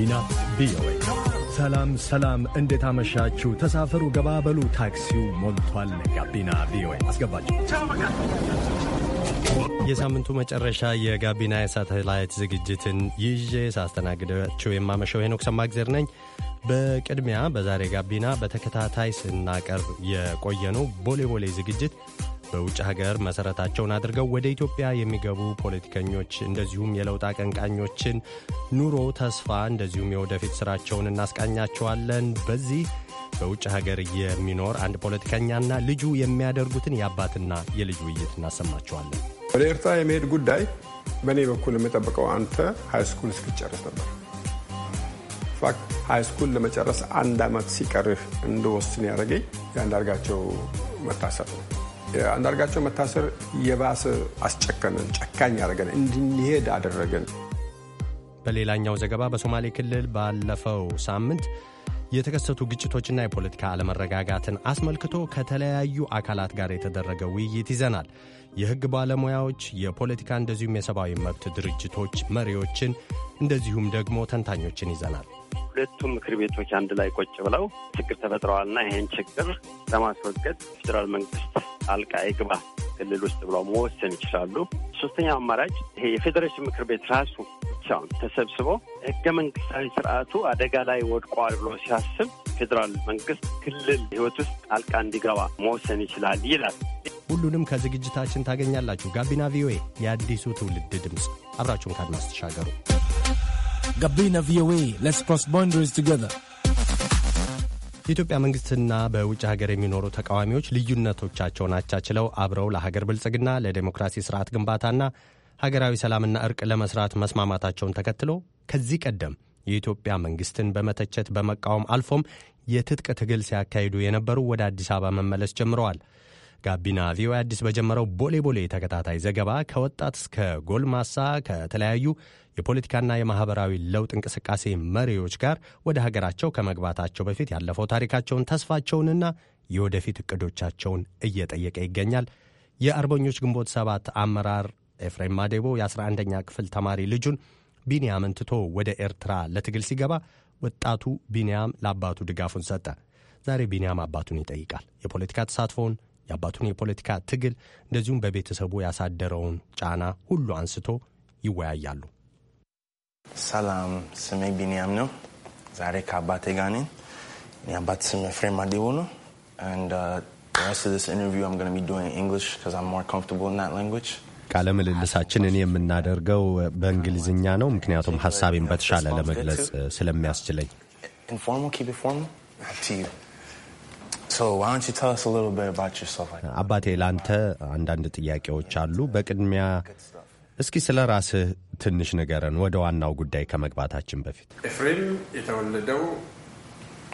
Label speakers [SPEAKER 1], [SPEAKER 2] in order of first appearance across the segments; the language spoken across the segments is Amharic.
[SPEAKER 1] ጋቢና ቪኦኤ። ሰላም ሰላም፣ እንዴት አመሻችሁ? ተሳፈሩ፣ ገባበሉ፣ ታክሲው ሞልቷል። ጋቢና ቪኦኤ አስገባችሁ። የሳምንቱ መጨረሻ የጋቢና የሳተላይት ዝግጅትን ይዤ ሳስተናግዳችሁ የማመሸው ሄኖክ ሰማግዜር ነኝ። በቅድሚያ በዛሬ ጋቢና በተከታታይ ስናቀርብ የቆየነው ቦሌ ቦሌ ዝግጅት በውጭ ሀገር መሰረታቸውን አድርገው ወደ ኢትዮጵያ የሚገቡ ፖለቲከኞች እንደዚሁም የለውጥ አቀንቃኞችን ኑሮ፣ ተስፋ እንደዚሁም የወደፊት ስራቸውን እናስቃኛቸዋለን። በዚህ በውጭ ሀገር የሚኖር አንድ ፖለቲከኛና ልጁ የሚያደርጉትን የአባትና የልጅ ውይይት እናሰማቸዋለን።
[SPEAKER 2] ወደ ኤርትራ የመሄድ ጉዳይ በእኔ በኩል የምጠብቀው አንተ ሃይስኩል እስክጨርስ ነበር። ፋክት ሃይስኩል ለመጨረስ አንድ አመት ሲቀርህ እንደወስን ያደረገኝ የአንዳርጋቸው መታሰር ነው። አንዳርጋቸው መታሰር የባሰ አስጨከነን፣ ጨካኝ ያደረገን፣ እንድንሄድ አደረገን።
[SPEAKER 1] በሌላኛው ዘገባ በሶማሌ ክልል ባለፈው ሳምንት የተከሰቱ ግጭቶችና የፖለቲካ አለመረጋጋትን አስመልክቶ ከተለያዩ አካላት ጋር የተደረገ ውይይት ይዘናል። የሕግ ባለሙያዎች፣ የፖለቲካ እንደዚሁም የሰብአዊ መብት ድርጅቶች መሪዎችን እንደዚሁም ደግሞ ተንታኞችን ይዘናል።
[SPEAKER 3] ሁለቱም ምክር ቤቶች አንድ ላይ ቁጭ ብለው ችግር ተፈጥረዋልና ይህን ችግር ለማስወገድ ፌዴራል መንግስት አልቃ ይግባ ክልል ውስጥ ብለው መወሰን ይችላሉ። ሶስተኛው አማራጭ ይሄ የፌዴሬሽን ምክር ቤት ራሱ ብቻውን ተሰብስቦ ህገ መንግስታዊ ስርዓቱ አደጋ ላይ ወድቋል ብሎ ሲያስብ ፌዴራል መንግስት ክልል ህይወት ውስጥ አልቃ እንዲገባ መወሰን ይችላል ይላል።
[SPEAKER 1] ሁሉንም ከዝግጅታችን ታገኛላችሁ። ጋቢና ቪኦኤ፣ የአዲሱ ትውልድ ድምፅ። አብራችሁን ካድማስ ተሻገሩ። ጋቢና
[SPEAKER 2] ቪኦኤ ሌትስ ክሮስ ቦንደሪስ ቱጌዘር።
[SPEAKER 1] የኢትዮጵያ መንግስትና በውጭ ሀገር የሚኖሩ ተቃዋሚዎች ልዩነቶቻቸውን አቻችለው አብረው ለሀገር ብልጽግና፣ ለዴሞክራሲ ስርዓት ግንባታና ሀገራዊ ሰላምና እርቅ ለመስራት መስማማታቸውን ተከትሎ ከዚህ ቀደም የኢትዮጵያ መንግስትን በመተቸት በመቃወም አልፎም የትጥቅ ትግል ሲያካሂዱ የነበሩ ወደ አዲስ አበባ መመለስ ጀምረዋል። ጋቢና ቪኦኤ አዲስ በጀመረው ቦሌ ቦሌ ተከታታይ ዘገባ ከወጣት እስከ ጎልማሳ ከተለያዩ የፖለቲካና የማህበራዊ ለውጥ እንቅስቃሴ መሪዎች ጋር ወደ ሀገራቸው ከመግባታቸው በፊት ያለፈው ታሪካቸውን፣ ተስፋቸውንና የወደፊት እቅዶቻቸውን እየጠየቀ ይገኛል። የአርበኞች ግንቦት ሰባት አመራር ኤፍሬም ማዴቦ የ11ኛ ክፍል ተማሪ ልጁን ቢንያምን ትቶ ወደ ኤርትራ ለትግል ሲገባ ወጣቱ ቢንያም ለአባቱ ድጋፉን ሰጠ። ዛሬ ቢንያም አባቱን ይጠይቃል። የፖለቲካ ተሳትፎውን፣ የአባቱን የፖለቲካ ትግል እንደዚሁም በቤተሰቡ ያሳደረውን ጫና ሁሉ አንስቶ ይወያያሉ። ሰላም፣ ስሜ ቢንያም ነው። ዛሬ ከአባቴ ጋር ነኝ። የአባት ስም ኤፍሬም አዴቦ ነው። uh, ቃለ ምልልሳችንን የምናደርገው በእንግሊዝኛ ነው፣ ምክንያቱም ሀሳቤን በተሻለ ለመግለጽ uh, ስለሚያስችለኝ። አባቴ፣ ለአንተ አንዳንድ ጥያቄዎች አሉ። በቅድሚያ እስኪ ስለ ራስህ ትንሽ ንገረን፣ ወደ ዋናው ጉዳይ ከመግባታችን በፊት።
[SPEAKER 2] ኤፍሬም የተወለደው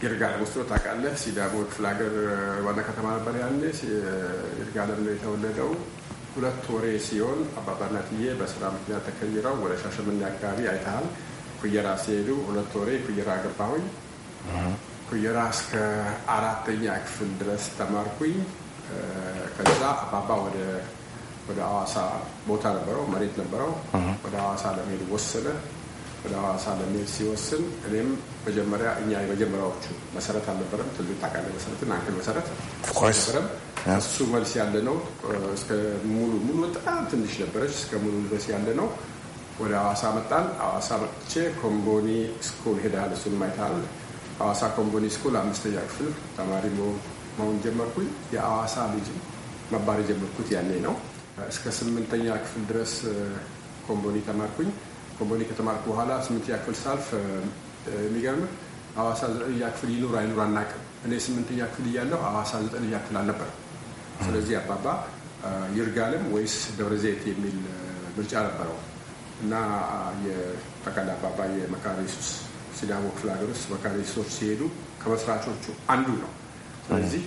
[SPEAKER 2] ይርጋለም ውስጥ ነው። ታውቃለህ፣ ሲዳሞ ክፍለ ሀገር ዋና ከተማ ነበር ያኔ። ይርጋለም ነው የተወለደው። ሁለት ወሬ ሲሆን አባባና ትዬ በስራ ምክንያት ተከይረው ወደ ሻሸመኔ አካባቢ አይተሃል፣ ኩየራ ሲሄዱ ሁለት ወሬ ኩየራ ገባሁኝ። ኩየራ እስከ አራተኛ ክፍል ድረስ ተማርኩኝ። ከዛ አባባ ወደ ወደ አዋሳ ቦታ ነበረው፣ መሬት ነበረው። ወደ አዋሳ ለመሄድ ወሰነ። ወደ አዋሳ ለመሄድ ሲወስን እኔም መጀመሪያ እኛ የመጀመሪያዎቹ መሰረት አልነበረም። ትልቅ ታውቃለህ፣ እና አንተ መሰረት አልነበረም። እሱ መልስ ያለ ነው። እስከ ሙሉ ሙሉ በጣም ትንሽ ነበረች። እስከ ሙሉ ድረስ ያለ ነው። ወደ አዋሳ መጣን። አዋሳ መጥቼ ኮምቦኒ ስኩል ሄዳል። እሱን ማይታል። ሐዋሳ ኮምቦኒ ስኩል አምስተኛ ክፍል ተማሪ መሆን ጀመርኩኝ። የሐዋሳ ልጅ መባል የጀመርኩት ያኔ ነው። እስከ ስምንተኛ ክፍል ድረስ ኮምቦኒ ተማርኩኝ። ኮምቦኒ ከተማርኩ በኋላ ስምንተኛ ክፍል ሳልፍ የሚገርምህ አዋሳ ዘጠነኛ ክፍል ይኑር አይኑር አናውቅም። እኔ ስምንተኛ ክፍል እያለሁ አዋሳ ዘጠነኛ ክፍል አልነበር። ስለዚህ አባባ ይርጋልም ወይስ ደብረዘይት የሚል ምርጫ ነበረው እና የጠቅላላ አባባ የመካነ ኢየሱስ ሲዳሞ ክፍለ ሀገር ውስጥ መካነ ኢየሱሶች ሲሄዱ ከመስራቾቹ አንዱ ነው። ስለዚህ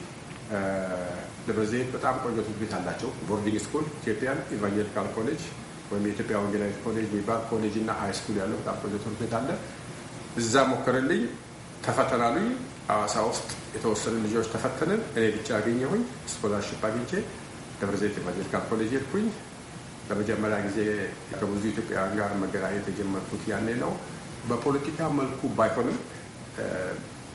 [SPEAKER 2] ደብረዘይት በጣም ቆንጆ ትምህርት ቤት አላቸው። ቦርዲንግ ስኩል ኢትዮጵያን ኢቫንጀሊካል ኮሌጅ ወይም የኢትዮጵያ ወንጌላዊት ኮሌጅ የሚባል ኮሌጅ እና ሀይ ስኩል ያለው በጣም ቆንጆ ትምህርት ቤት አለ። እዛ ሞክርልኝ፣ ተፈተናሉኝ። ሐዋሳ ውስጥ የተወሰኑ ልጆች ተፈተንን። እኔ ብቻ አገኘሁኝ። ስኮላርሽፕ አግኝቼ ደብረዘይት ኢቫንጀሊካል ኮሌጅ ሄድኩኝ። ለመጀመሪያ ጊዜ ከብዙ ኢትዮጵያውያን ጋር መገናኘት የጀመርኩት ያኔ ነው። በፖለቲካ መልኩ ባይሆንም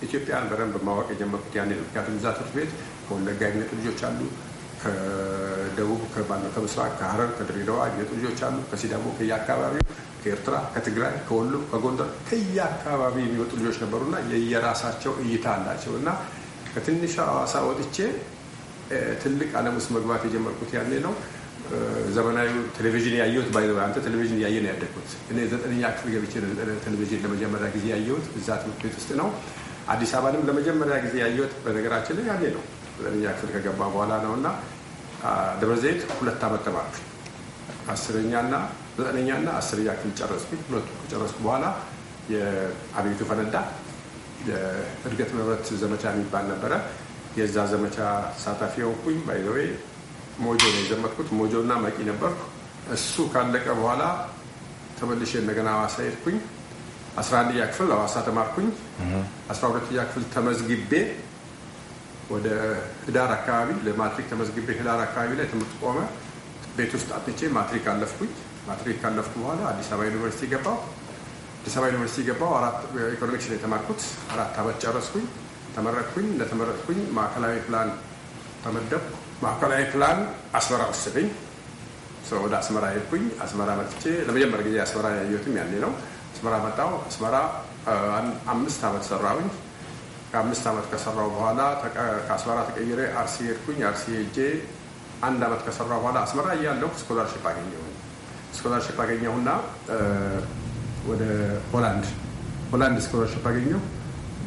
[SPEAKER 2] ኢትዮጵያን በደንብ ማወቅ የጀመርኩት ያኔ ነው። ምክንያቱም እዛ ትምህርት ቤት ከወለጋ የሚመጡ ልጆች አሉ። ከደቡብ ከባለ ከምስራቅ ከሀረር ከድሬዳዋ የሚመጡ ልጆች አሉ። ከሲዳሞ ከየአካባቢው ከኤርትራ ከትግራይ ከወሎ ከጎንደር ከየአካባቢ የሚመጡ ልጆች ነበሩና የየራሳቸው እይታ አላቸው እና ከትንሽ ሐዋሳ ወጥቼ ትልቅ ዓለም ውስጥ መግባት የጀመርኩት ያኔ ነው። ዘመናዊ ቴሌቪዥን ያየሁት ባይ አንተ ቴሌቪዥን ያየ ነው ያደግኩት እኔ ዘጠነኛ ክፍል ገብቼ ቴሌቪዥን ለመጀመሪያ ጊዜ ያየሁት እዛ ትምህርት ቤት ውስጥ ነው። አዲስ አበባንም ለመጀመሪያ ጊዜ ያየሁት በነገራችን ላይ ያኔ ነው። ዘጠነኛ ክፍል ከገባ በኋላ ነው እና ደብረ ዘይት ሁለት ዓመት ተማርኩ። አስረኛና ዘጠነኛና አስረኛ ክፍል ጨረስኩኝ። ሁለቱ ከጨረስኩ በኋላ የአብዮቱ ፈነዳ። የእድገት መብረት ዘመቻ የሚባል ነበረ። የዛ ዘመቻ ተሳታፊ ሆንኩኝ። ባይዘወይ ሞጆ ነው የዘመትኩት። ሞጆ ሞጆና መቂ ነበርኩ። እሱ ካለቀ በኋላ ተመልሼ እንደገና ሐዋሳ ሄድኩኝ። አስራ አንደኛ ክፍል ሐዋሳ ተማርኩኝ። አስራ ሁለተኛ ክፍል ተመዝግቤ ወደ ህዳር አካባቢ ለማትሪክ ተመዝግቤ ህዳር አካባቢ ላይ ትምህርት ቆመ። ቤት ውስጥ አጥቼ ማትሪክ አለፍኩኝ። ማትሪክ ካለፍኩ በኋላ አዲስ አበባ ዩኒቨርሲቲ ገባሁ። አዲስ አበባ ዩኒቨርሲቲ ገባሁ። ኢኮኖሚክስ ነው የተማርኩት። አራት አመት ጨረስኩኝ፣ ተመረቅኩኝ። እንደተመረቅኩኝ ማዕከላዊ ፕላን ተመደብኩ። ማዕከላዊ ፕላን አስመራ ወሰደኝ። ወደ አስመራ ሄድኩኝ። አስመራ መጥቼ ለመጀመሪያ ጊዜ አስመራ ያየሁትም ያኔ ነው። አስመራ መጣሁ። አስመራ አምስት አመት ሰራሁኝ። ከአምስት ዓመት ከሰራው በኋላ ከአስመራ ተቀይሬ አርሲ ሄድኩኝ። አርሲ ሄጄ አንድ ዓመት ከሰራው በኋላ አስመራ እያለሁ ስኮላርሽፕ አገኘሁ። ስኮላርሽፕ አገኘሁና ወደ ሆላንድ ሆላንድ ስኮላርሽፕ አገኘሁ።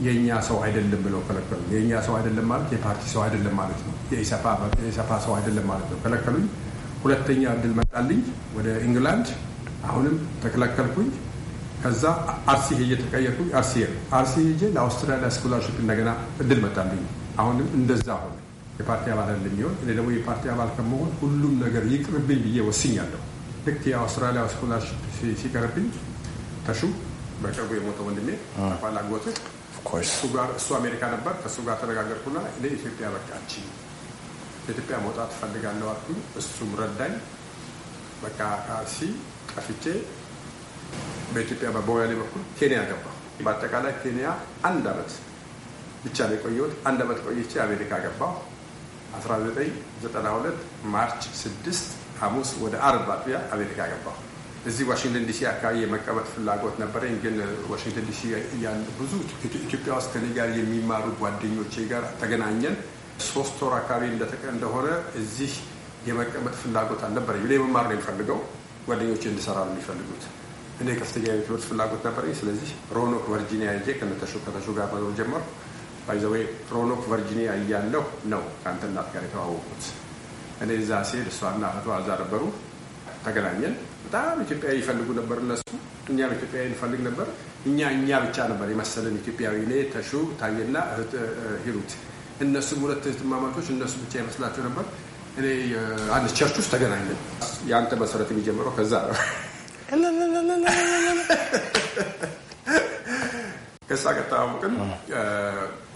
[SPEAKER 2] የእኛ ሰው አይደለም ብለው ከለከሉኝ። የእኛ ሰው አይደለም ማለት የፓርቲ ሰው አይደለም ማለት ነው። የኢሰፓ ሰው አይደለም ማለት ነው። ከለከሉኝ። ሁለተኛ እድል መጣልኝ ወደ ኢንግላንድ። አሁንም ተከለከልኩኝ። ከዛ አርሲ ሄጄ ተቀየርኩ። አርሲ አርሲ ሄጄ ለአውስትራሊያ ስኮላርሽፕ እንደገና እድል መጣልኝ። አሁንም እንደዛ ሆነ። የፓርቲ አባል እንደሚሆን እኔ ደግሞ የፓርቲ አባል ከመሆን ሁሉም ነገር ይቅርብኝ ብዬ ወስኛለሁ። ልክ የአውስትራሊያ ስኮላርሽፕ ሲቀርብኝ ተሹ በቅርቡ የሞተ ወንድሜ ባላጎት እሱ ጋር እሱ አሜሪካ ነበር። ከእሱ ጋር ተነጋገርኩና ኢትዮጵያ በቃች ኢትዮጵያ መውጣት እፈልጋለሁ አልኩኝ። እሱም ረዳኝ። በቃ ከአርሲ ቀፍቼ በኢትዮጵያ በቦያሌ በኩል ኬንያ ገባ። በአጠቃላይ ኬንያ አንድ አመት ብቻ ነው የቆየሁት። አንድ አመት ቆይቼ አሜሪካ ገባሁ። 1992 ማርች 6 ሐሙስ ወደ አርብ አጥቢያ አሜሪካ ገባሁ። እዚህ ዋሽንግተን ዲሲ አካባቢ የመቀመጥ ፍላጎት ነበረኝ፣ ግን ዋሽንግተን ዲሲ ያን ብዙ ኢትዮጵያ ውስጥ ከኔ ጋር የሚማሩ ጓደኞቼ ጋር ተገናኘን። ሶስት ወር አካባቢ እንደሆነ እዚህ የመቀመጥ ፍላጎት አልነበረኝ። እኔ መማር ነው የሚፈልገው፣ ጓደኞቼ እንድሰራ ነው የሚፈልጉት። እኔ ከፍተኛ የትምህርት ፍላጎት ነበረኝ። ስለዚህ ሮኖክ ቨርጂኒያ ሄጄ ከተሹ ጋር መኖር ጀመርኩ። ሮኖክ ቨርጂኒያ እያለሁ ነው ከአንተ እናት ጋር የተዋወቁት። እኔ እዛ ስሄድ እሷና እህቷ እዛ ነበሩ። ተገናኘን። በጣም ኢትዮጵያዊ ይፈልጉ ነበር እነሱ፣ እኛም ኢትዮጵያዊ እንፈልግ ነበር። እኛ እኛ ብቻ ነበር የመሰለን ኢትዮጵያዊ። እኔ ተሹ ታየና ሂሩት፣ እነሱም ሁለት እህትማማቾች እነሱ ብቻ ይመስላቸው ነበር። እኔ አንድ ቸርች ውስጥ ተገናኘን። የአንተ መሰረት የሚጀምረው ከዛ ነው ከእሷ ጋር ተዋወቅን።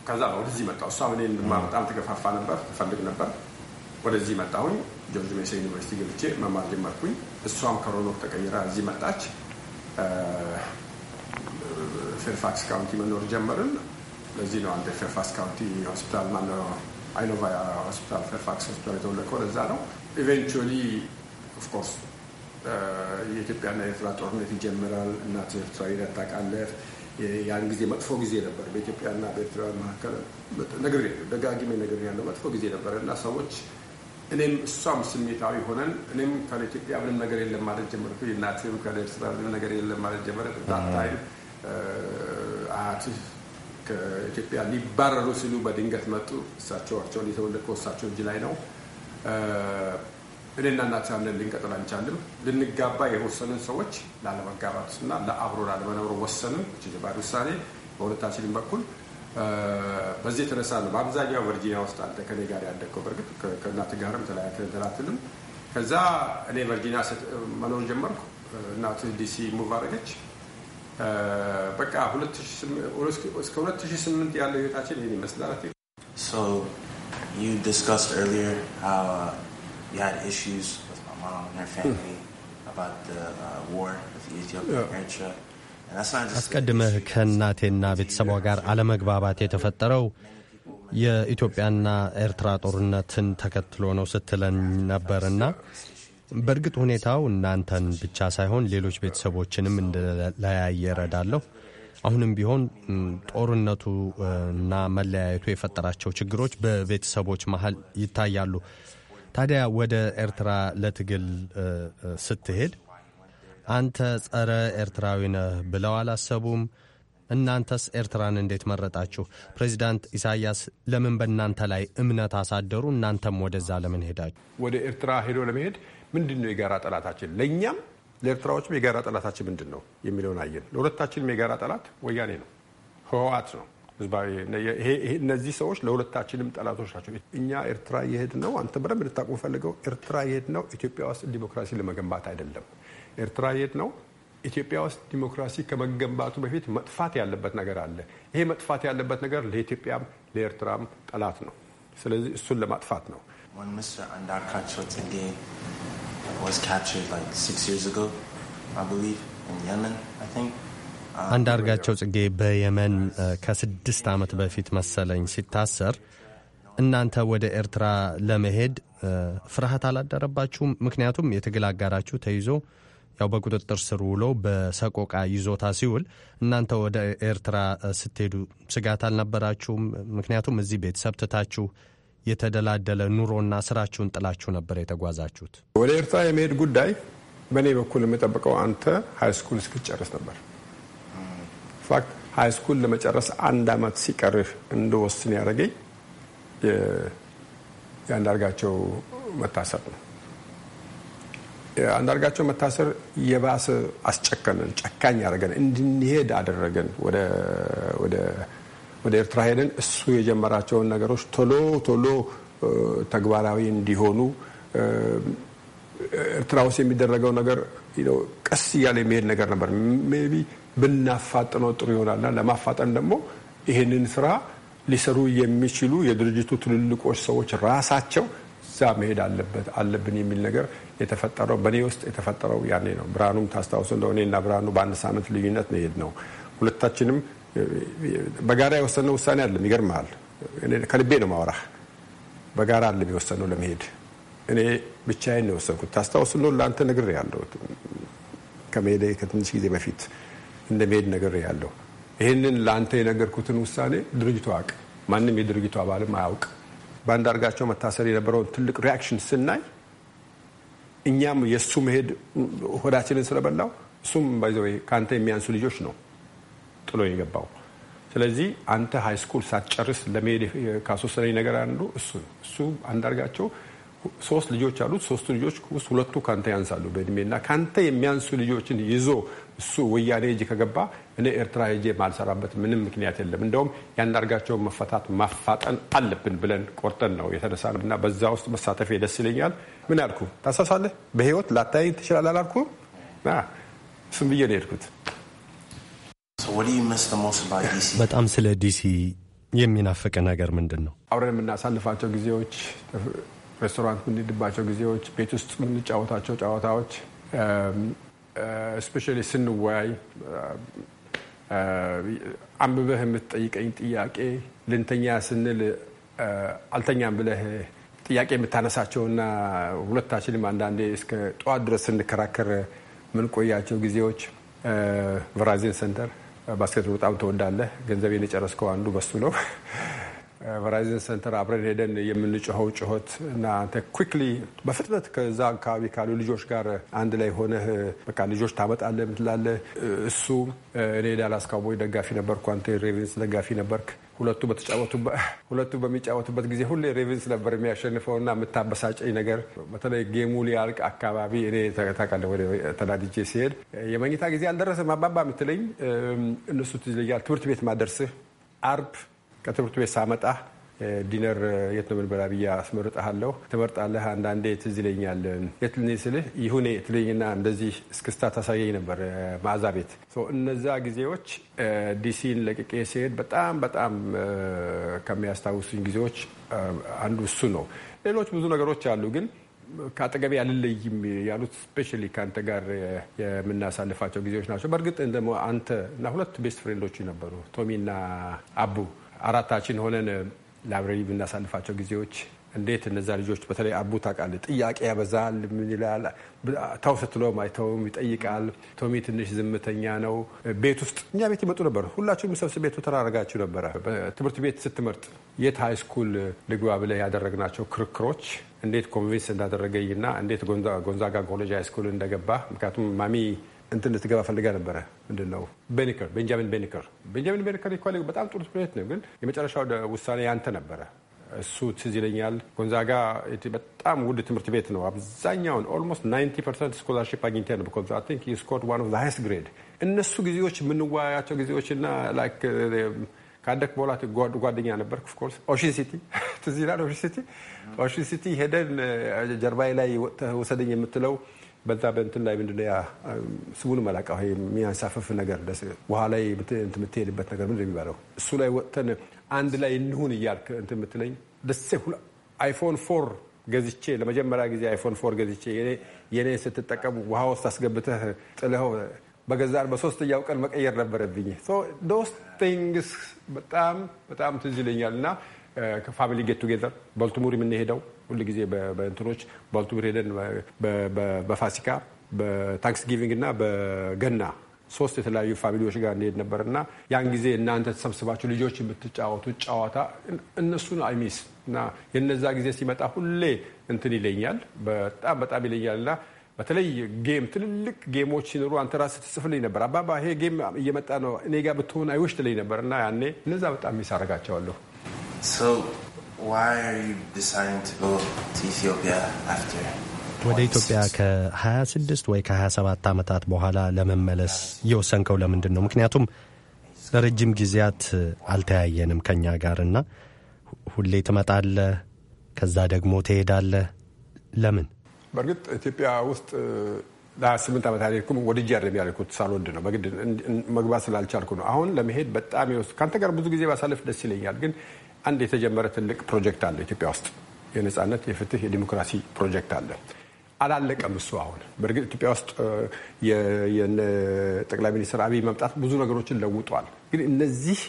[SPEAKER 2] ከዛ ወደዚህ መጣሁ። እሷ ምን እንድማ በጣም ተገፋፋ ነበር፣ ትፈልግ ነበር። ወደዚህ መጣሁኝ። ጆርጅ ሜሰን ዩኒቨርሲቲ ገብቼ መማር ጀመርኩኝ። እሷም ከሮኖክ ተቀይራ እዚህ መጣች። ፌርፋክስ ካውንቲ መኖር ጀመርን። ለዚህ ነው አንድ ፌርፋክስ ካውንቲ ሆስፒታል ማነው አይኖቫ ሆስፒታል ፌርፋክስ ሆስፒታል የተወለቀው ለዛ ነው። ኢቨንቹዋሊ ኦፍኮርስ የኢትዮጵያና የኤርትራ ጦርነት ይጀምራል። እናት ኤርትራ ይነታቃለህ። ያን ጊዜ መጥፎ ጊዜ ነበር በኢትዮጵያና በኤርትራ መካከል። ነግሬ ደጋግሜ ነግሬ ያለው መጥፎ ጊዜ ነበር እና ሰዎች እኔም እሷም ስሜታዊ ሆነን እኔም ከኢትዮጵያ ምንም ነገር የለም ማለት ጀመርኩ። እናትም ከኤርትራ ምንም ነገር የለም ማለት ጀመረ። ታታይም አያትህ ከኢትዮጵያ ሊባረሩ ሲሉ በድንገት መጡ። እሳቸው አቸውን የተወለድከው እሳቸው እጅ ላይ ነው። እኔና እናንተ ያለን ልንቀጥል አንቻልም። ልንጋባ የወሰንን ሰዎች ላለመጋባትና ለአብሮ ላለመኖር ወሰንን። ባድ ውሳኔ በሁለታችንም በኩል በዚህ የተነሳ ነው። በአብዛኛው ቨርጂኒያ ውስጥ አንተ ከኔ ጋር ያደግከው በእርግጥ ከእናት ጋርም ተላትልም። ከዛ እኔ ቨርጂኒያ መኖር ጀመርኩ። እናት ዲሲ ሙቭ አደረገች። በቃ እስከ 2008 ያለው ህይወታችን ይህን ይመስላል። So
[SPEAKER 1] you discussed earlier how you had issues with my mom and her hmm. family about the uh, war with the Ethiopian yeah. Eritrea. አስቀድመህ ከእናቴና ቤተሰቧ ጋር አለመግባባት የተፈጠረው የኢትዮጵያና ኤርትራ ጦርነትን ተከትሎ ነው ስትለን ነበርና በእርግጥ ሁኔታው እናንተን ብቻ ሳይሆን ሌሎች ቤተሰቦችንም እንደለያየ እረዳለሁ። አሁንም ቢሆን ጦርነቱ እና መለያየቱ የፈጠራቸው ችግሮች በቤተሰቦች መሀል ይታያሉ። ታዲያ ወደ ኤርትራ ለትግል ስትሄድ አንተ ጸረ ኤርትራዊ ነህ ብለው አላሰቡም? እናንተስ ኤርትራን እንዴት መረጣችሁ? ፕሬዚዳንት ኢሳያስ ለምን በእናንተ ላይ እምነት አሳደሩ? እናንተም ወደዛ ለምን ሄዳችሁ?
[SPEAKER 2] ወደ ኤርትራ ሄዶ ለመሄድ ምንድን ነው የጋራ ጠላታችን? ለእኛም ለኤርትራዎችም የጋራ ጠላታችን ምንድን ነው የሚለውን አየን። ለሁለታችንም የጋራ ጠላት ወያኔ ነው፣ ህወሓት ነው። ህዝባዊ እነዚህ ሰዎች ለሁለታችንም ጠላቶች ናቸው። እኛ ኤርትራ የሄድ ነው አንተ በደንብ ልታቁ ፈልገው ኤርትራ የሄድ ነው ኢትዮጵያ ውስጥ ዲሞክራሲ ለመገንባት አይደለም። ኤርትራ የሄድ ነው ኢትዮጵያ ውስጥ ዲሞክራሲ ከመገንባቱ በፊት መጥፋት ያለበት ነገር አለ። ይሄ መጥፋት ያለበት ነገር ለኢትዮጵያም ለኤርትራም ጠላት ነው። ስለዚህ እሱን ለማጥፋት ነው።
[SPEAKER 1] አንዳርጋቸው ጽጌ በየመን ከስድስት ዓመት በፊት መሰለኝ ሲታሰር እናንተ ወደ ኤርትራ ለመሄድ ፍርሃት አላደረባችሁም? ምክንያቱም የትግል አጋራችሁ ተይዞ ያው በቁጥጥር ስር ውሎ በሰቆቃ ይዞታ ሲውል እናንተ ወደ ኤርትራ ስትሄዱ ስጋት አልነበራችሁም? ምክንያቱም እዚህ ቤተሰብ ትታችሁ የተደላደለ ኑሮና ስራችሁን ጥላችሁ ነበር የተጓዛችሁት።
[SPEAKER 2] ወደ ኤርትራ የመሄድ ጉዳይ በእኔ በኩል የምጠብቀው አንተ ሃይስኩል እስክትጨርስ ነበር ኢንፋክት ሀይ ስኩል ለመጨረስ አንድ አመት ሲቀርህ እንደወስን ያደረገኝ የአንዳርጋቸው መታሰር ነው። አንዳርጋቸው መታሰር የባሰ አስጨከነን፣ ጨካኝ ያደረገን፣ እንድንሄድ አደረገን። ወደ ኤርትራ ሄደን እሱ የጀመራቸውን ነገሮች ቶሎ ቶሎ ተግባራዊ እንዲሆኑ ኤርትራ ውስጥ የሚደረገው ነገር ቀስ እያለ የሚሄድ ነገር ነበር ሜይ ቢ ብናፋጥነው ጥሩ ይሆናልና ለማፋጠን ደግሞ ይህንን ስራ ሊሰሩ የሚችሉ የድርጅቱ ትልልቆች ሰዎች ራሳቸው እዛ መሄድ አለበት አለብን የሚል ነገር የተፈጠረው በእኔ ውስጥ የተፈጠረው ያኔ ነው። ብርሃኑም ታስታውሱ እንደሆነ እኔና ብርሃኑ በአንድ ሳምንት ልዩነት ነው የሄድ ነው። ሁለታችንም በጋራ የወሰነው ውሳኔ አለም ይገርመሃል፣ ከልቤ ነው ማውራህ። በጋራ አለም የወሰነው ለመሄድ እኔ ብቻዬን ነው የወሰንኩት። ታስታውሱ እንደሆነ ለአንተ ነግሬሃለሁ ከመሄደ ከትንሽ ጊዜ በፊት እንደመሄድ ነገር ያለው ይህንን ለአንተ የነገርኩትን ውሳኔ ድርጅቱ አቅ ማንም የድርጅቱ አባልም አያውቅ። በአንዳርጋቸው መታሰር የነበረውን ትልቅ ሪያክሽን ስናይ እኛም የእሱ መሄድ ሆዳችንን ስለበላው እሱም ባይዘ ከአንተ የሚያንሱ ልጆች ነው ጥሎ የገባው። ስለዚህ አንተ ሃይስኩል ሳትጨርስ ለመሄድ ካስወሰነኝ ነገር አንዱ እሱ እሱ አንዳርጋቸው ሶስት ልጆች አሉት። ሶስቱ ልጆች ውስጥ ሁለቱ ካንተ ያንሳሉ እና ካንተ የሚያንሱ ልጆችን ይዞ እሱ ወያኔ እጅ ከገባ እኔ ኤርትራ ሄጄ ማልሰራበት ምንም ምክንያት የለም። እንደውም ያናርጋቸውን መፈታት ማፋጠን አለብን ብለን ቆርጠን ነው የተነሳ እና በዛ ውስጥ መሳተፍ ደስ ይለኛል። ምን አልኩ ታሳሳለህ? በህይወት ላታይ ትችላል አላልኩም? እሱም ብዬ ነው የሄድኩት።
[SPEAKER 1] በጣም ስለ ዲሲ የሚናፍቅ ነገር ምንድን ነው?
[SPEAKER 2] አብረን የምናሳልፋቸው ጊዜዎች ሬስቶራንት የምንሄድባቸው ጊዜዎች፣ ቤት ውስጥ የምንጫወታቸው ጨዋታዎች እስፔሻሊ ስንወያይ አንብበህ የምትጠይቀኝ ጥያቄ ልንተኛ ስንል አልተኛም ብለህ ጥያቄ የምታነሳቸው የምታነሳቸውና ሁለታችንም አንዳንዴ እስከ ጠዋት ድረስ ስንከራከር ምንቆያቸው ጊዜዎች ቨራዚን ሰንተር ባስኬትቦል በጣም ትወዳለህ። ገንዘቤን የጨረስከው አንዱ በሱ ነው። ቨራይዘን ሰንተር አብረን ሄደን የምንጮኸው ጩኸት እና አንተ ኩክሊ በፍጥነት ከዛ አካባቢ ካሉ ልጆች ጋር አንድ ላይ ሆነህ በቃ ልጆች ታመጣለህ ምትላለህ። እሱ እኔ ዳላስ ካውቦይ ደጋፊ ነበርኩ፣ አንተ ሬቨንስ ደጋፊ ነበርክ። ሁለቱ ሁለቱ በሚጫወቱበት ጊዜ ሁሌ ሬቨንስ ነበር የሚያሸንፈውና የምታበሳጨኝ ነገር በተለይ ጌሙ ሊያልቅ አካባቢ እኔ ታውቃለህ፣ ወደ ተዳድጄ ሲሄድ የመኝታ ጊዜ አልደረሰም አባባ የምትለኝ እነሱ ትዝ ትምህርት ቤት ማደርስህ አርብ ከትምህርት ቤት ሳመጣ ዲነር የት ነው ምንበላ ብዬ አስመርጠሃለሁ። ትመርጣለህ። አንዳንዴ ትዝ ይለኛል የት ስልህ ይሁኔ ትለኝና እንደዚህ እስክስታ ታሳየኝ ነበር ማዛ ቤት። እነዛ ጊዜዎች ዲሲን ለቅቄ ሲሄድ በጣም በጣም ከሚያስታውሱኝ ጊዜዎች አንዱ እሱ ነው። ሌሎች ብዙ ነገሮች አሉ ግን ከአጠገቢ አልለይም ያሉት ስፔሻሊ ከአንተ ጋር የምናሳልፋቸው ጊዜዎች ናቸው። በእርግጥ አንተ እና ሁለት ቤስት ፍሬንዶች ነበሩ ቶሚና አቡ አራታችን ሆነን ላይብረሪ የምናሳልፋቸው ጊዜዎች እንዴት እነዛ ልጆች በተለይ አቡ ታውቃለህ፣ ጥያቄ ያበዛል። ምን ይላል ተው ስትለውም አይተውም፣ ይጠይቃል። ቶሚ ትንሽ ዝምተኛ ነው። ቤት ውስጥ እኛ ቤት ይመጡ ነበር። ሁላችሁም ሰብስብ ቤቱ ተራረጋችሁ ነበረ። ትምህርት ቤት ስትመርጥ የት ሃይስኩል ልግባ ብለህ ያደረግናቸው ክርክሮች እንዴት ኮንቪንስ እንዳደረገኝና እንዴት ጎንዛጋ ኮሌጅ ሃይስኩል እንደገባ ምክንያቱም ማሚ እንትን ልትገባ ፈልጋ ነበረ። ምንድን ነው ቤኒከር ቤንጃሚን ቤኒከር ቤንጃሚን ቤኒከር ይኳ በጣም ጥሩ ተጫዋች ነው፣ ግን የመጨረሻው ውሳኔ ያንተ ነበረ። እሱ ትዝ ይለኛል። ጎንዛጋ በጣም ውድ ትምህርት ቤት ነው። አብዛኛውን ኦልሞስት 90 ፐርሰንት ስኮላርሽፕ አግኝተ ነው ቢኮዝ አይ ቲንክ ስኮርድ ዋን ኦፍ ሃይስት ግሬድ። እነሱ ጊዜዎች የምንወያያቸው ጊዜዎች እና ላይክ um, ካደክ በኋላ ጓደኛ ነበር። ኦፍኮርስ ኦሽን ሲቲ ትዝ ይላል። ኦሽን ሲቲ ኦሽን ሲቲ ሄደን uh, ጀርባዬ ላይ ወሰደኝ የምትለው በዛ በእንትን ላይ ምንድን ያ ስሙን መላቀ የሚያንሳፈፍ ነገር ውሃ ላይ የምትሄድበት ነገር ምንድን የሚባለው? እሱ ላይ ወጥተን አንድ ላይ እንሁን እያልክ እንትን የምትለኝ ደስ አይፎን ፎር ገዝቼ ለመጀመሪያ ጊዜ አይፎን ፎር ገዝቼ የኔ ስትጠቀሙ ውሃ ውስጥ አስገብተህ ጥልኸው በገዛ በሶስተኛው ቀን መቀየር ነበረብኝ። ዶስ ቲንግስ በጣም በጣም ትዝ ይለኛል እና ከፋሚሊ ጌት ቱጌዘር በልቱሙር የምንሄደው ሁልጊዜ በእንትኖች በኦክቶበር ሄደን በፋሲካ በታንክስ ጊቪንግ እና በገና ሶስት የተለያዩ ፋሚሊዎች ጋር እንሄድ ነበር እና ያን ጊዜ እናንተ ተሰብስባችሁ ልጆች የምትጫወቱት ጨዋታ እነሱን አይሚስ እና የነዛ ጊዜ ሲመጣ ሁሌ እንትን ይለኛል፣ በጣም በጣም ይለኛል እና በተለይ ጌም ትልልቅ ጌሞች ሲኖሩ አንተ ራስህ ትጽፍልኝ ነበር። አባባ ይሄ ጌም እየመጣ ነው እኔ ጋር ብትሆን አይወሽ ትለኝ ነበር እና ያኔ እነዛ በጣም ሚስ አረጋቸዋለሁ።
[SPEAKER 4] ወደ ኢትዮጵያ
[SPEAKER 1] ከ26 ወይ ከ27 ዓመታት በኋላ ለመመለስ የወሰንከው ለምንድን ነው? ምክንያቱም ለረጅም ጊዜያት አልተያየንም ከእኛ ጋር እና ሁሌ ትመጣለህ፣ ከዛ ደግሞ ትሄዳለህ። ለምን?
[SPEAKER 2] በእርግጥ ኢትዮጵያ ውስጥ ለስምንት ዓመት አልሄድኩም። ወድጄ አይደለም ያልኩት፣ ሳልወድ ነው በግድ መግባት ስላልቻልኩ ነው። አሁን ለመሄድ በጣም ይወስ ከአንተ ጋር ብዙ ጊዜ ባሳልፍ ደስ ይለኛል፣ ግን አንድ የተጀመረ ትልቅ ፕሮጀክት አለ ኢትዮጵያ ውስጥ የነጻነት፣ የፍትህ፣ የዲሞክራሲ ፕሮጀክት አለ። አላለቀም እሱ። አሁን በእርግጥ ኢትዮጵያ ውስጥ ጠቅላይ ሚኒስትር አብይ መምጣት ብዙ ነገሮችን ለውጧል። ግን እነዚህ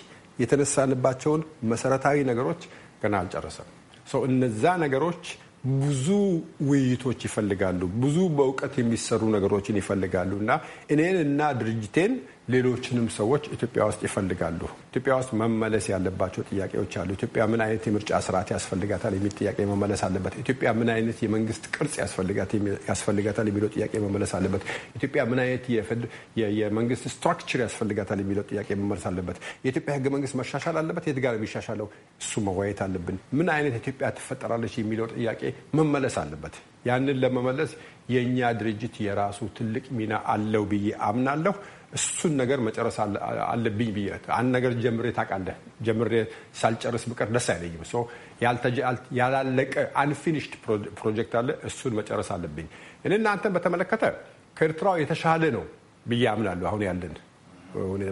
[SPEAKER 2] የተነሳንባቸውን መሰረታዊ ነገሮች ገና አልጨረሰም። ሰው እነዛ ነገሮች ብዙ ውይይቶች ይፈልጋሉ። ብዙ በእውቀት የሚሰሩ ነገሮችን ይፈልጋሉ እና እኔን እና ድርጅቴን ሌሎችንም ሰዎች ኢትዮጵያ ውስጥ ይፈልጋሉ። ኢትዮጵያ ውስጥ መመለስ ያለባቸው ጥያቄዎች አሉ። ኢትዮጵያ ምን አይነት የምርጫ ስርዓት ያስፈልጋታል የሚል ጥያቄ መመለስ አለበት። ኢትዮጵያ ምን አይነት የመንግስት ቅርጽ ያስፈልጋታል የሚለው ጥያቄ መመለስ አለበት። ኢትዮጵያ ምን አይነት የመንግስት ስትራክቸር ያስፈልጋታል የሚለው ጥያቄ መመለስ አለበት። የኢትዮጵያ ህገ መንግስት መሻሻል አለበት። የት ጋር የሚሻሻለው እሱ መወያየት አለብን። ምን አይነት ኢትዮጵያ ትፈጠራለች የሚለው ጥያቄ መመለስ አለበት። ያንን ለመመለስ የእኛ ድርጅት የራሱ ትልቅ ሚና አለው ብዬ አምናለሁ። እሱን ነገር መጨረስ አለብኝ ብዬ አንድ ነገር ጀምሬ ታውቃለህ፣ ጀምሬ ሳልጨርስ ብቀር ደስ አይለኝም። ያላለቀ አንፊኒሽድ ፕሮጀክት አለ፣ እሱን መጨረስ አለብኝ። እኔ እናንተን በተመለከተ ከኤርትራው የተሻለ ነው ብዬ አምናለሁ አሁን ያለን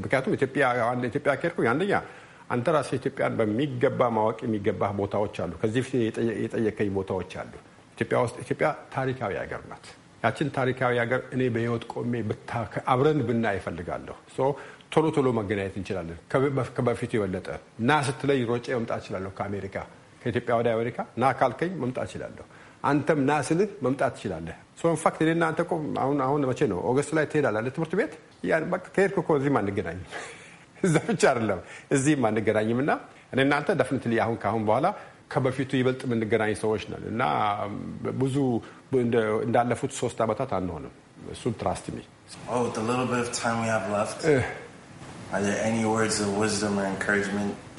[SPEAKER 2] ምክንያቱም ኢትዮጵያ ኬርኩ አንደኛ አንተ ራስህ ኢትዮጵያን በሚገባ ማወቅ የሚገባህ ቦታዎች አሉ። ከዚህ ፊት የጠየቀኝ ቦታዎች አሉ። ኢትዮጵያ ውስጥ ኢትዮጵያ ታሪካዊ ሀገር ናት። ያችን ታሪካዊ ሀገር እኔ በህይወት ቆሜ አብረን ብና ይፈልጋለሁ። ቶሎ ቶሎ መገናኘት እንችላለን፣ ከበፊቱ የበለጠ እና ስትለኝ ሮጬ መምጣት እችላለሁ። ከአሜሪካ ከኢትዮጵያ ወደ አሜሪካ ና ካልከኝ መምጣት እችላለሁ። አንተም ና ስልህ መምጣት ትችላለህ። ኢንፋክት እኔና አንተ እኮ አሁን አሁን መቼ ነው ኦገስት ላይ ትሄዳለህ ትምህርት ቤት? ከሄድክ እኮ እዚህም አንገናኝም፣ እዛ ብቻ አይደለም እዚህም አንገናኝም። እና እኔ እናንተ ደፍንትሊ አሁን ከአሁን በኋላ ከበፊቱ ይበልጥ የምንገናኝ ሰዎች ነን እና ብዙ እንዳለፉት ሶስት ዓመታት አንሆንም። እሱን ትራስት ሚ
[SPEAKER 1] oh,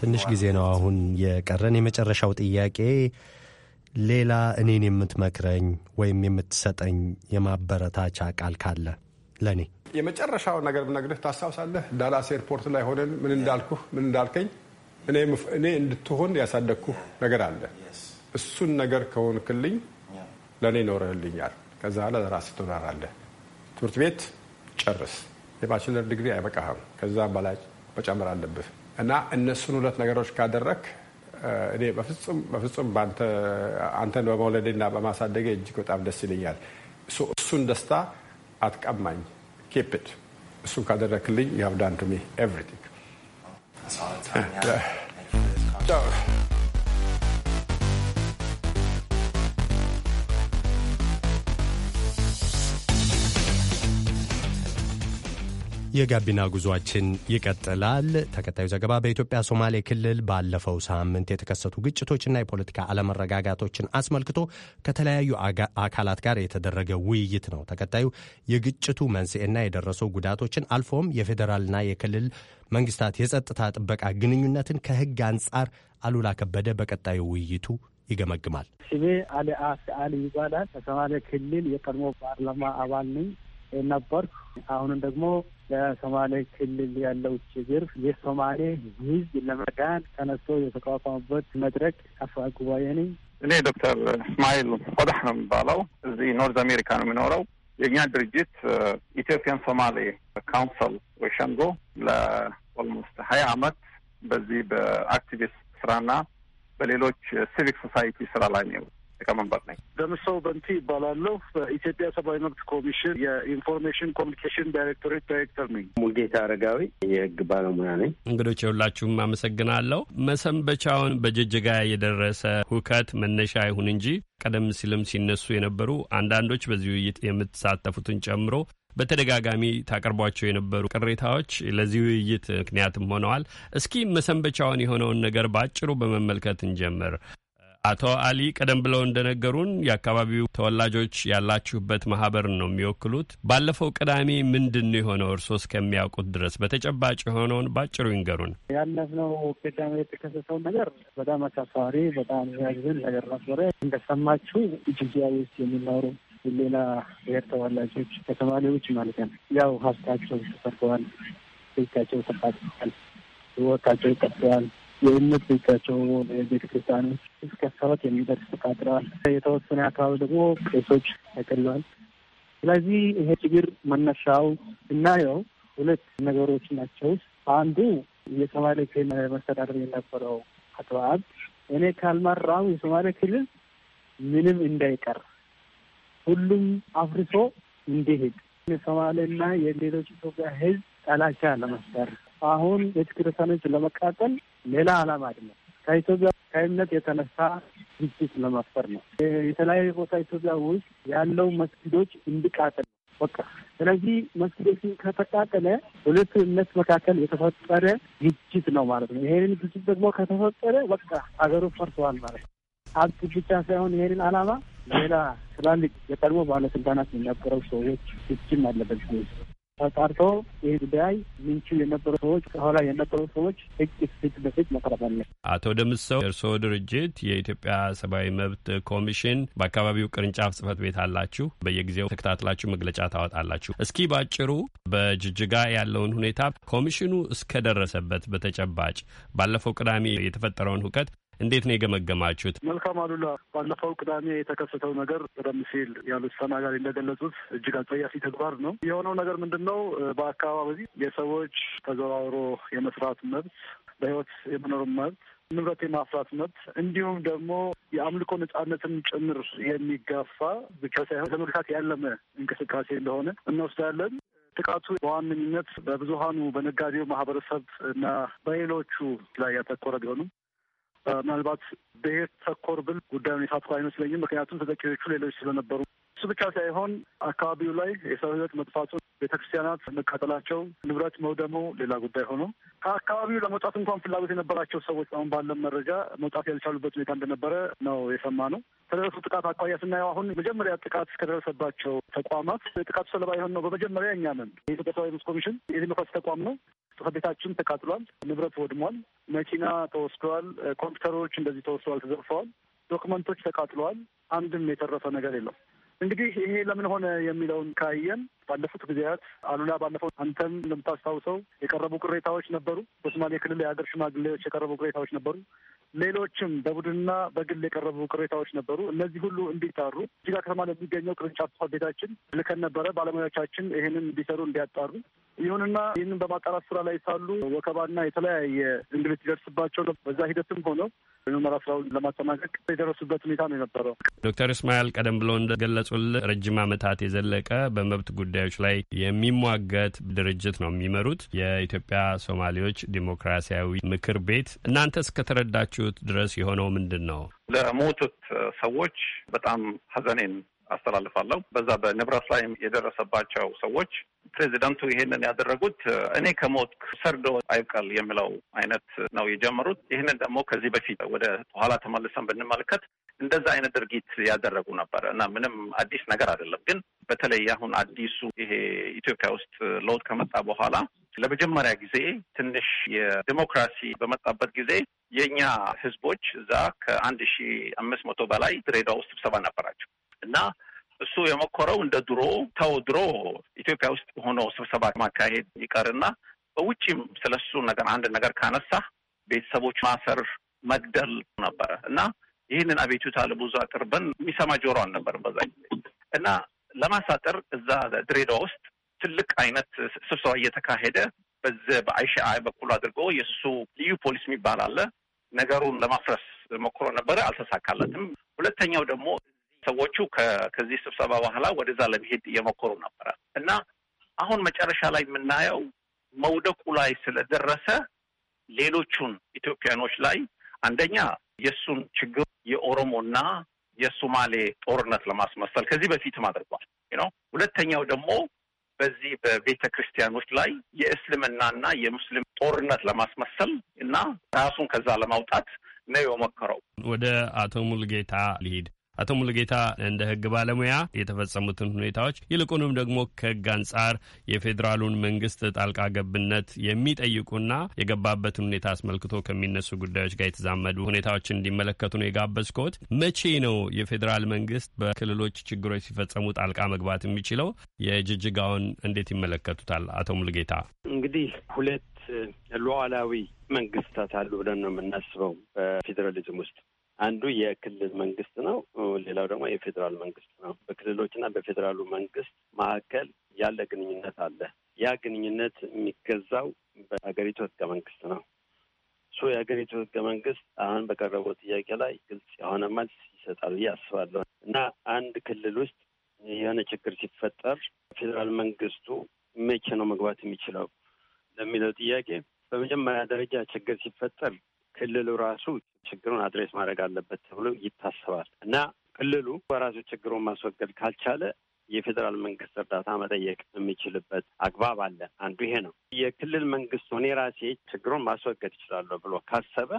[SPEAKER 1] ትንሽ ጊዜ ነው አሁን የቀረን። የመጨረሻው ጥያቄ ሌላ እኔን የምትመክረኝ ወይም የምትሰጠኝ የማበረታቻ ቃል ካለ ለእኔ
[SPEAKER 2] የመጨረሻው ነገር ብነግርህ ታስታውሳለህ? ዳላስ ኤርፖርት ላይ ሆነን ምን እንዳልኩህ ምን እንዳልከኝ እኔ እንድትሆን ያሳደግኩህ ነገር አለ። እሱን ነገር ከሆንክልኝ ለእኔ ኖረህልኛል። ከዛ ለራስህ ትኖራለህ። ትምህርት ቤት ጨርስ። የባችለር ዲግሪ አይበቃህም። ከዛ በላይ መጨመር አለብህ እና እነሱን ሁለት ነገሮች ካደረክ እኔ በፍጹም አንተን በመውለዴና በማሳደገ እጅግ በጣም ደስ ይለኛል። እሱን ደስታ አትቀማኝ። ኬፕድ እሱን ካደረክልኝ የሀቭ ኤቭሪቲንግ That's all the time. yeah.
[SPEAKER 1] የጋቢና ጉዟችን ይቀጥላል። ተከታዩ ዘገባ በኢትዮጵያ ሶማሌ ክልል ባለፈው ሳምንት የተከሰቱ ግጭቶችና የፖለቲካ አለመረጋጋቶችን አስመልክቶ ከተለያዩ አካላት ጋር የተደረገ ውይይት ነው። ተከታዩ የግጭቱ መንስኤና የደረሰ ጉዳቶችን አልፎም የፌዴራልና የክልል መንግስታት የጸጥታ ጥበቃ ግንኙነትን ከህግ አንጻር አሉላ ከበደ በቀጣዩ ውይይቱ ይገመግማል።
[SPEAKER 5] ስሜ አሊ አሊ ይባላል። ከሶማሌ ክልል የቀድሞ ፓርላማ አባል ነኝ። ነበርኩ። አሁንም ደግሞ ለሶማሌ ክልል ያለው ችግር የሶማሌ ሕዝብ ለመዳን ተነስቶ የተቋቋሙበት መድረክ አፈ ጉባኤ ነኝ። እኔ
[SPEAKER 4] ዶክተር እስማኤል ቆዳህ ነው የሚባለው። እዚህ ኖርዝ አሜሪካ ነው የሚኖረው። የእኛ ድርጅት ኢትዮጵያን ሶማሌ ካውንስል ወይ ሸንጎ ለኦልሞስት ሀያ አመት በዚህ በአክቲቪስት ስራና በሌሎች ሲቪክ ሶሳይቲ ስራ ላይ
[SPEAKER 3] ነው ሊቀመንበር ነኝ።
[SPEAKER 5] ደምሰው በንቲ ይባላለሁ። በኢትዮጵያ ሰብአዊ መብት ኮሚሽን የኢንፎርሜሽን ኮሚኒኬሽን ዳይሬክቶሬት ዳይሬክተር ነኝ። ሙልጌታ አረጋዊ የህግ ባለሙያ ነኝ።
[SPEAKER 3] እንግዶች
[SPEAKER 6] የሁላችሁም አመሰግናለሁ። መሰንበቻውን በጅጅጋ የደረሰ ሁከት መነሻ ይሁን እንጂ ቀደም ሲልም ሲነሱ የነበሩ አንዳንዶች በዚህ ውይይት የምትሳተፉትን ጨምሮ በተደጋጋሚ ታቀርቧቸው የነበሩ ቅሬታዎች ለዚህ ውይይት ምክንያትም ሆነዋል። እስኪ መሰንበቻውን የሆነውን ነገር በአጭሩ በመመልከት እንጀምር። አቶ አሊ ቀደም ብለው እንደነገሩን የአካባቢው ተወላጆች ያላችሁበት ማህበር ነው የሚወክሉት። ባለፈው ቅዳሜ ምንድን ነው የሆነው? እርስዎ እስከሚያውቁት ድረስ በተጨባጭ የሆነውን ባጭሩ ይንገሩን።
[SPEAKER 5] ያለፍነው ቅዳሜ የተከሰተውን ነገር በጣም አሳፋሪ፣ በጣም ያዝን ነገር ነበረ። እንደሰማችሁ ጅጅጋ ውስጥ የሚኖሩ ሌላ ብሔር ተወላጆች ከሶማሌዎች ማለት ነው ያው ሀብታቸው ተሰርተዋል፣ ቤታቸው ተቃጥለዋል፣ ህይወታቸው ይቀጥለዋል የእምነት ቤቻቸው ቤተክርስቲያኖች እስከ ሰባት የሚደርስ ተቃጥለዋል። የተወሰነ አካባቢ ደግሞ ቄሶች ተገድለዋል። ስለዚህ ይሄ ችግር መነሻው ስናየው ሁለት ነገሮች ናቸው። አንዱ የሶማሌ ክልል መስተዳደር የነበረው አቶ እኔ ካልመራው የሶማሌ ክልል ምንም እንዳይቀር ሁሉም አፍርሶ እንዲሄድ የሶማሌና የሌሎች ኢትዮጵያ ሕዝብ ጠላቻ ለመፍጠር አሁን ቤተክርስቲያኖች ለመቃጠል ሌላ አላማ አይደለም። ከኢትዮጵያ ከእምነት የተነሳ ግጭት ለማስፈር ነው። የተለያዩ ቦታ ኢትዮጵያ ውስጥ ያለው መስጊዶች እንዲቃጠል በቃ። ስለዚህ መስጊዶችን ከተቃጠለ ሁለቱ እምነት መካከል የተፈጠረ ግጭት ነው ማለት ነው። ይሄንን ግጭት ደግሞ ከተፈጠረ በቃ ሀገሩ ፈርሰዋል ማለት ነው። ሀብት ብቻ ሳይሆን ይሄንን አላማ ሌላ ትላልቅ የቀድሞ ባለስልጣናት የሚያቀረቡ ሰዎች ግጭም አለበት ተጣርቶ ይህ ጉዳይ ምንቹ የነበሩ ሰዎች ከኋላ የነበሩ ሰዎች ህግ ፊት ለፊት መቅረባለ።
[SPEAKER 6] አቶ ደምሰው እርስዎ ድርጅት የኢትዮጵያ ሰብአዊ መብት ኮሚሽን በአካባቢው ቅርንጫፍ ጽህፈት ቤት አላችሁ። በየጊዜው ተከታትላችሁ መግለጫ ታወጣላችሁ። እስኪ ባጭሩ በጅጅጋ ያለውን ሁኔታ ኮሚሽኑ እስከደረሰበት በተጨባጭ ባለፈው ቅዳሜ የተፈጠረውን ሁከት እንዴት ነው የገመገማችሁት?
[SPEAKER 5] መልካም አሉላ፣ ባለፈው ቅዳሜ የተከሰተው ነገር ቀደም ሲል ያሉት ተናጋሪ እንደገለጹት እጅግ አጸያፊ ተግባር ነው። የሆነው ነገር ምንድን ነው? በአካባቢ የሰዎች ተዘዋውሮ የመስራት መብት፣ በህይወት የመኖር መብት ንብረት የማፍራት መብት እንዲሁም ደግሞ የአምልኮ ነጻነትን ጭምር የሚጋፋ ብቻ ሳይሆን ለመግታት ያለመ እንቅስቃሴ እንደሆነ እንወስዳለን። ጥቃቱ በዋነኝነት በብዙሀኑ በነጋዴው ማህበረሰብ እና በሌሎቹ ላይ ያተኮረ ቢሆንም ምናልባት ብሄር ተኮር ብል ጉዳዩን የሳትኩ አይመስለኝም። ምክንያቱም ተጠቂዎቹ ሌሎች ስለነበሩ እሱ ብቻ ሳይሆን አካባቢው ላይ የሰው ሕይወት መጥፋቱ፣ ቤተክርስቲያናት መቃጠላቸው፣ ንብረት መውደሙ ሌላ ጉዳይ ሆኖ ከአካባቢው ለመውጣት እንኳን ፍላጎት የነበራቸው ሰዎች አሁን ባለን መረጃ መውጣት ያልቻሉበት ሁኔታ እንደነበረ ነው የሰማ ነው። ከደረሱ ጥቃት አኳያ ስናየው አሁን መጀመሪያ ጥቃት ከደረሰባቸው ተቋማት ጥቃቱ ሰለባ የሆን ነው በመጀመሪያ እኛ ነን። የኢትዮጵያ ሰብአዊ መብት ኮሚሽን የዲሞክራሲ ተቋም ነው። ጽሕፈት ቤታችን ተቃጥሏል፣ ንብረት ወድሟል፣ መኪና ተወስደዋል፣ ኮምፒውተሮች እንደዚህ ተወስደዋል፣ ተዘርፈዋል፣ ዶክመንቶች ተቃጥለዋል። አንድም የተረፈ ነገር የለም። እንግዲህ ይሄ ለምን ሆነ የሚለውን ካየን ባለፉት ጊዜያት አሉላ ባለፈው አንተም እንደምታስታውሰው የቀረቡ ቅሬታዎች ነበሩ። በሶማሌ ክልል የሀገር ሽማግሌዎች የቀረቡ ቅሬታዎች ነበሩ። ሌሎችም በቡድንና በግል የቀረቡ ቅሬታዎች ነበሩ። እነዚህ ሁሉ እንዲጣሩ ጅጋ ከተማ ለሚገኘው ቅርንጫፍ ጽሕፈት ቤታችን ልከን ነበረ። ባለሙያዎቻችን ይህንን እንዲሰሩ እንዲያጣሩ ይሁንና ይህንን በማጣራት ስራ ላይ ሳሉ ወከባና የተለያየ እንግልት ይደርስባቸው ነው። በዛ ሂደትም ሆነው የምርመራ ስራውን ለማጠናቀቅ የደረሱበት ሁኔታ ነው
[SPEAKER 6] የነበረው። ዶክተር እስማኤል ቀደም ብሎ እንደገለጹል ረጅም ዓመታት የዘለቀ በመብት ጉዳዮች ላይ የሚሟገት ድርጅት ነው የሚመሩት የኢትዮጵያ ሶማሌዎች ዲሞክራሲያዊ ምክር ቤት። እናንተ እስከተረዳችሁት ድረስ የሆነው ምንድን ነው?
[SPEAKER 4] ለሞቱት ሰዎች በጣም ሀዘኔን አስተላልፋለሁ። በዛ በንብረት ላይ የደረሰባቸው ሰዎች ፕሬዚዳንቱ ይሄንን ያደረጉት እኔ ከሞት ሰርዶ አይብቀል የሚለው አይነት ነው የጀመሩት። ይህንን ደግሞ ከዚህ በፊት ወደ ኋላ ተመልሰን ብንመለከት እንደዛ አይነት ድርጊት ያደረጉ ነበረ እና ምንም አዲስ ነገር አይደለም። ግን በተለይ አሁን አዲሱ ይሄ ኢትዮጵያ ውስጥ ለውጥ ከመጣ በኋላ ለመጀመሪያ ጊዜ ትንሽ የዲሞክራሲ በመጣበት ጊዜ የእኛ ህዝቦች እዛ ከአንድ ሺ አምስት መቶ በላይ ድሬዳዋ ውስጥ ስብሰባ ነበራቸው እና እሱ የሞከረው እንደ ድሮ ተው ድሮ ኢትዮጵያ ውስጥ ሆኖ ስብሰባ ማካሄድ ይቀርና በውጭም ስለ እሱ ነገር አንድ ነገር ካነሳ ቤተሰቦች ማሰር፣ መግደል ነበረ እና ይህንን አቤቱታ ለብዙ አቅርበን የሚሰማ ጆሮ አልነበርም በዛ ጊዜ እና ለማሳጠር እዛ ድሬዳዋ ውስጥ ትልቅ አይነት ስብሰባ እየተካሄደ በዚህ አይ በኩል አድርጎ የእሱ ልዩ ፖሊስ የሚባል አለ ነገሩን ለማፍረስ ሞክሮ ነበረ፣ አልተሳካለትም። ሁለተኛው ደግሞ ሰዎቹ ከዚህ ስብሰባ በኋላ ወደዛ ለመሄድ እየሞከሩ ነበረ እና አሁን መጨረሻ ላይ የምናየው መውደቁ ላይ ስለደረሰ ሌሎቹን ኢትዮጵያኖች ላይ አንደኛ የእሱን ችግር የኦሮሞና የሶማሌ ጦርነት ለማስመሰል ከዚህ በፊትም አድርጓል ነው። ሁለተኛው ደግሞ በዚህ በቤተ ክርስቲያኖች ላይ የእስልምናና የሙስሊም ጦርነት ለማስመሰል እና ራሱን ከዛ ለማውጣት ነው የሞከረው።
[SPEAKER 6] ወደ አቶ ሙልጌታ ሊሄድ አቶ ሙሉጌታ እንደ ህግ ባለሙያ የተፈጸሙትን ሁኔታዎች ይልቁንም ደግሞ ከህግ አንጻር የፌዴራሉን መንግስት ጣልቃ ገብነት የሚጠይቁና የገባበትን ሁኔታ አስመልክቶ ከሚነሱ ጉዳዮች ጋር የተዛመዱ ሁኔታዎችን እንዲመለከቱ ነው የጋበዝኩት። መቼ ነው የፌዴራል መንግስት በክልሎች ችግሮች ሲፈጸሙ ጣልቃ መግባት የሚችለው? የጅጅጋውን እንዴት ይመለከቱታል? አቶ ሙሉጌታ
[SPEAKER 3] እንግዲህ ሁለት ሉዓላዊ መንግስታት አሉ ብለን ነው የምናስበው በፌዴራሊዝም ውስጥ አንዱ የክልል መንግስት ነው፣ ሌላው ደግሞ የፌዴራል መንግስት ነው። በክልሎችና በፌዴራሉ መንግስት መካከል ያለ ግንኙነት አለ። ያ ግንኙነት የሚገዛው በሀገሪቱ ህገ መንግስት ነው። እሱ የሀገሪቱ ህገ መንግስት አሁን በቀረበው ጥያቄ ላይ ግልጽ የሆነ መልስ ይሰጣል ብዬ አስባለሁ እና አንድ ክልል ውስጥ የሆነ ችግር ሲፈጠር ፌዴራል መንግስቱ መቼ ነው መግባት የሚችለው ለሚለው ጥያቄ በመጀመሪያ ደረጃ ችግር ሲፈጠር ክልሉ ራሱ ችግሩን አድሬስ ማድረግ አለበት ተብሎ ይታሰባል እና ክልሉ በራሱ ችግሩን ማስወገድ ካልቻለ የፌዴራል መንግስት እርዳታ መጠየቅ የሚችልበት አግባብ አለ። አንዱ ይሄ ነው። የክልል መንግስት እኔ ራሴ ችግሩን ማስወገድ ይችላለሁ ብሎ ካሰበ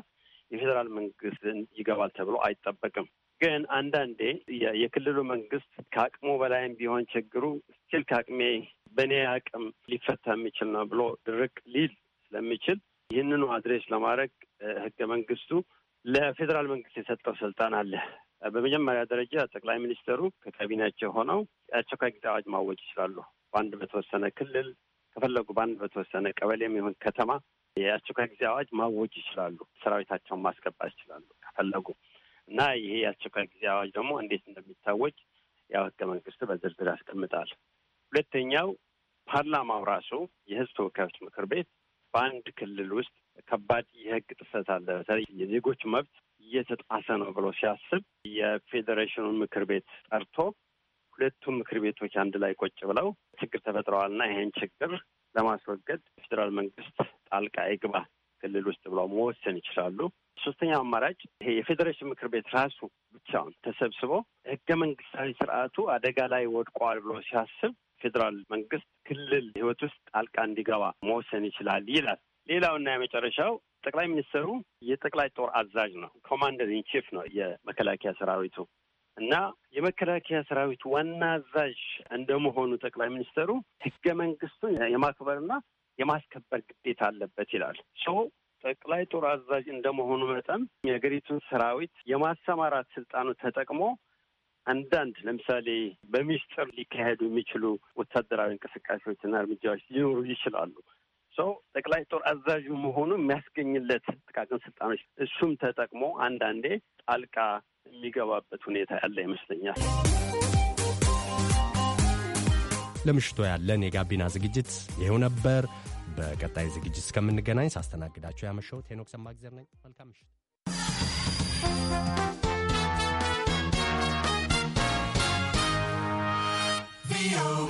[SPEAKER 3] የፌዴራል መንግስት ይገባል ተብሎ አይጠበቅም። ግን አንዳንዴ የክልሉ መንግስት ከአቅሙ በላይም ቢሆን ችግሩ ስቲል ከአቅሜ በእኔ አቅም ሊፈታ የሚችል ነው ብሎ ድርቅ ሊል ስለሚችል ይህንኑ አድሬስ ለማድረግ ህገ መንግስቱ ለፌዴራል መንግስት የሰጠው ስልጣን አለ። በመጀመሪያ ደረጃ ጠቅላይ ሚኒስትሩ ከካቢናቸው ሆነው አስቸኳይ ጊዜ አዋጅ ማወጅ ይችላሉ። በአንድ በተወሰነ ክልል ከፈለጉ በአንድ በተወሰነ ቀበሌም ይሁን ከተማ የአስቸኳይ ጊዜ አዋጅ ማወጅ ይችላሉ። ሰራዊታቸውን ማስገባት ይችላሉ ከፈለጉ እና ይሄ የአስቸኳይ ጊዜ አዋጅ ደግሞ እንዴት እንደሚታወጅ ያው ህገ መንግስቱ በዝርዝር ያስቀምጣል። ሁለተኛው ፓርላማው ራሱ የህዝብ ተወካዮች ምክር ቤት በአንድ ክልል ውስጥ ከባድ የህግ ጥሰት አለ። በተለይ የዜጎች መብት እየተጣሰ ነው ብሎ ሲያስብ የፌዴሬሽኑን ምክር ቤት ጠርቶ ሁለቱም ምክር ቤቶች አንድ ላይ ቁጭ ብለው ችግር ተፈጥረዋልና ይህን ችግር ለማስወገድ ፌዴራል መንግስት ጣልቃ ይግባ ክልል ውስጥ ብለው መወሰን ይችላሉ። ሶስተኛው አማራጭ ይሄ የፌዴሬሽን ምክር ቤት ራሱ ብቻውን ተሰብስቦ ህገ መንግስታዊ ስርዓቱ አደጋ ላይ ወድቋል ብሎ ሲያስብ ፌዴራል መንግስት ክልል ህይወት ውስጥ ጣልቃ እንዲገባ መወሰን ይችላል ይላል። ሌላውና የመጨረሻው ጠቅላይ ሚኒስትሩ የጠቅላይ ጦር አዛዥ ነው። ኮማንደር ኢን ቺፍ ነው የመከላከያ ሰራዊቱ እና የመከላከያ ሰራዊቱ ዋና አዛዥ እንደመሆኑ ጠቅላይ ሚኒስትሩ ህገ መንግስቱን የማክበርና የማስከበር ግዴታ አለበት ይላል። ጠቅላይ ጦር አዛዥ እንደመሆኑ መጠን የሀገሪቱን ሰራዊት የማሰማራት ስልጣኑ ተጠቅሞ አንዳንድ ለምሳሌ በሚስጥር ሊካሄዱ የሚችሉ ወታደራዊ እንቅስቃሴዎችና እርምጃዎች ሊኖሩ ይችላሉ። ሰው ጠቅላይ ጦር አዛዥ መሆኑ የሚያስገኝለት ጥቃቅን ስልጣኖች እሱም ተጠቅሞ አንዳንዴ ጣልቃ የሚገባበት ሁኔታ ያለ ይመስለኛል።
[SPEAKER 1] ለምሽቶ ያለን የጋቢና ዝግጅት ይኸው ነበር። በቀጣይ ዝግጅት እስከምንገናኝ ሳስተናግዳቸው ያመሸሁት ሄኖክ ሰማግዘር ነኝ። መልካም ምሽት።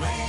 [SPEAKER 1] ቪኦኤ